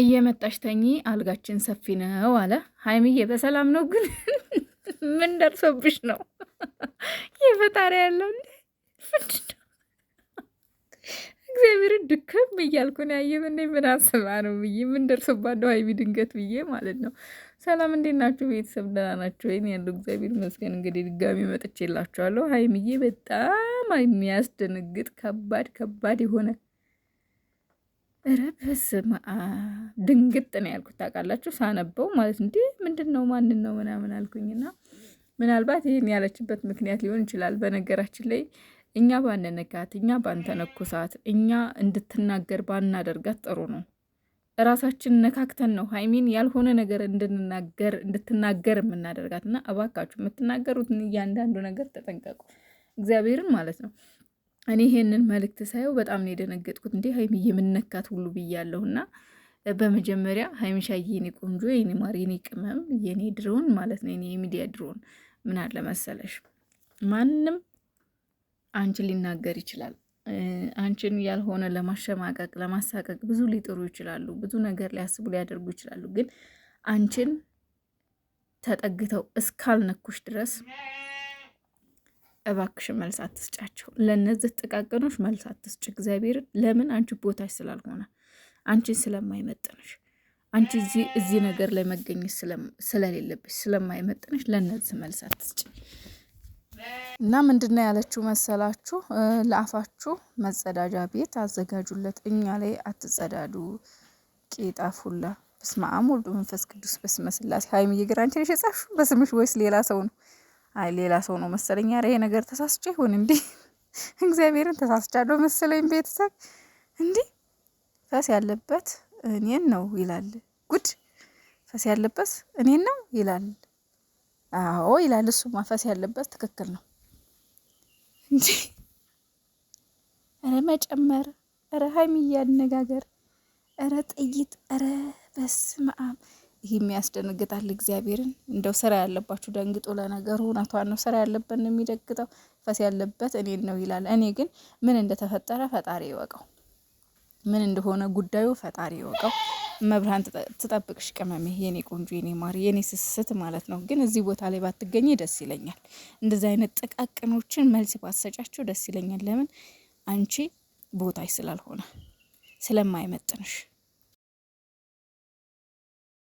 እየመጣሽ ተኚ፣ አልጋችን ሰፊ ነው አለ። ሀይምዬ በሰላም ነው ግን ምን ደርሶብሽ ነው? የፈጣሪ ያለው እግዚአብሔርን ድክም እያልኩ ነው ያየምን ምን አስባ ነው ብዬ ምን ሀይሚ ድንገት ብዬ ማለት ነው። ሰላም እንዴት ናችሁ ቤተሰብ? ደህና ናችሁ ወይ? ያለው እግዚአብሔር ይመስገን። እንግዲህ ድጋሚ መጥቼላችኋለሁ። ሀይሚዬ በጣም የሚያስደነግጥ ከባድ ከባድ የሆነ ኧረ በስመ አብ ድንግጥ ነው ያልኩት። ታውቃላችሁ ሳነበው ማለት እንዲህ ምንድን ነው ማንን ነው ምናምን አልኩኝና ምናልባት ይህን ያለችበት ምክንያት ሊሆን ይችላል። በነገራችን ላይ እኛ ባንነካት፣ እኛ ባንተነኩሳት፣ እኛ እንድትናገር ባናደርጋት ጥሩ ነው። እራሳችን ነካክተን ነው ሀይሚን ያልሆነ ነገር እንድንናገር እንድትናገር የምናደርጋት እና እባካችሁ የምትናገሩትን እያንዳንዱ ነገር ተጠንቀቁ። እግዚአብሔርን ማለት ነው እኔ ይሄንን መልእክት ሳየው በጣም ነው የደነገጥኩት። እንዴ ሀይሚዬ የምነካት ሁሉ ብያለሁ። እና በመጀመሪያ ሀይሚሻዬ የኔ ቆንጆ የኔ ማር የኔ ቅመም የኔ ድሮን ማለት ነው የኔ የሚዲያ ድሮን ምን አለ መሰለሽ፣ ማንም አንቺን ሊናገር ይችላል። አንቺን ያልሆነ ለማሸማቀቅ ለማሳቀቅ ብዙ ሊጥሩ ይችላሉ። ብዙ ነገር ሊያስቡ ሊያደርጉ ይችላሉ። ግን አንቺን ተጠግተው እስካልነኩሽ ድረስ እባክሽ መልስ አትስጫቸው። ለእነዚህ ጥቃቅኖች መልስ አትስጭ። እግዚአብሔር ለምን አንቺ ቦታሽ ስላልሆነ አንቺን ስለማይመጥንሽ አንቺ እዚህ ነገር ላይ መገኘት ስለሌለብሽ ስለማይመጥንሽ ለእነዚህ መልስ አትስጭ። እና ምንድነው ያለችው መሰላችሁ? ለአፋችሁ መጸዳጃ ቤት አዘጋጁለት፣ እኛ ላይ አትጸዳዱ። ቄጣፉላ በስመ አብ ወልድ መንፈስ ቅዱስ በስመ ስላሴ። ሀይሚዬ ግን አንቺ ነሽ የጻፍሽው በስምሽ ወይስ ሌላ ሰው ነው? አይ ሌላ ሰው ነው መሰለኝ። ኧረ ይሄ ነገር ተሳስቼ ይሁን እንዴ? እግዚአብሔርን ተሳስቻለሁ መሰለኝ። ቤተሰብ እንዲህ ፈስ ያለበት እኔን ነው ይላል። ጉድ ፈስ ያለበት እኔን ነው ይላል። አዎ ይላል። እሱማ ፈስ ያለበት ትክክል ነው እንጂ ኧረ መጨመር፣ ኧረ ሀይሚ እያነጋገር፣ ኧረ ጥይት፣ ኧረ በስመ አብ ይህ የሚያስደነግጣል። እግዚአብሔርን እንደው ስራ ያለባችሁ ደንግጦ ለነገሩ እውነቷን ነው። ስራ ያለበት ነው የሚደግጠው፣ ፈስ ያለበት እኔን ነው ይላል። እኔ ግን ምን እንደተፈጠረ ፈጣሪ ይወቀው፣ ምን እንደሆነ ጉዳዩ ፈጣሪ ይወቀው። መብርሃን ትጠብቅሽ ቅመሜ፣ የኔ ቆንጆ፣ የኔ ማር፣ የኔ ስስት ማለት ነው። ግን እዚህ ቦታ ላይ ባትገኝ ደስ ይለኛል። እንደዚህ አይነት ጥቃቅኖችን መልስ ባትሰጫቸው ደስ ይለኛል። ለምን አንቺ ቦታሽ ስላልሆነ ስለማይመጥንሽ